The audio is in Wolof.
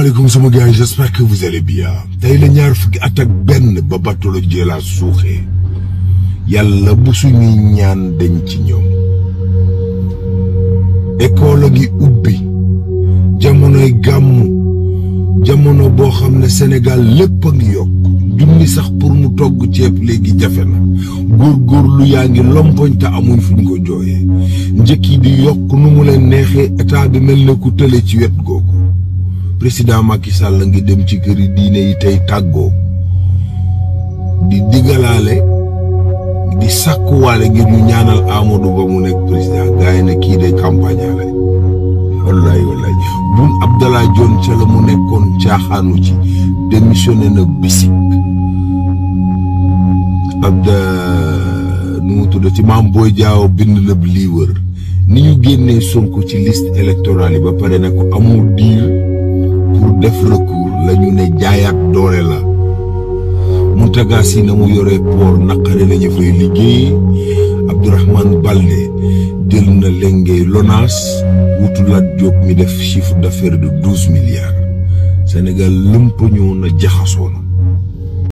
asalaamaaleykum sama gars j'espère que vous allez bien tey la ñaar fukki at ak ba bateau la Joola suuxee yàlla bu suñuy ñaan dañ ci ñoom école ngi ubbi jamonoy jamono Sénégal le a ngi sax pour mu togg ceeb léegi jafe na lu yaa ngi lompoñ te amuñ fuñ ko jooyee njëkk yi di yokk nu mu leen neexee état dina la ko ci wet président Macky Sall la ngi dem ci këri diine yi tey tàggoo di digalaale di sàkkuwaale ngir ñu ñaanal Amadou Ba mu nekk président gars yi kii day campagne ale wallaay wallaay Boun ca la mu nekkoon caaxaanu ci démissionné na bisik abda nu mu tudd ci maam booy jaaw bind na lii wër ni ñu génnee Sonko ci liste électorale ba pare ne ko amul diir def recours la ñu ne jaayaat doole la na mu yore port naqare lañu fay liggéey Abdourahmane Baldé jël na lengey Lonaas wutulaat Diop mi def chiffre d'affaires de douze milliards Sénégal lëmpañoo na jaxasoo